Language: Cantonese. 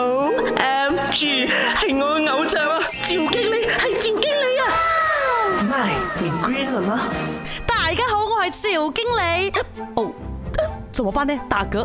O M G，係我嘅偶像啊！趙經理係趙經理啊 m 你 Green 啦！大家好，我係趙經理。哦，怎麼辦呢？大哥。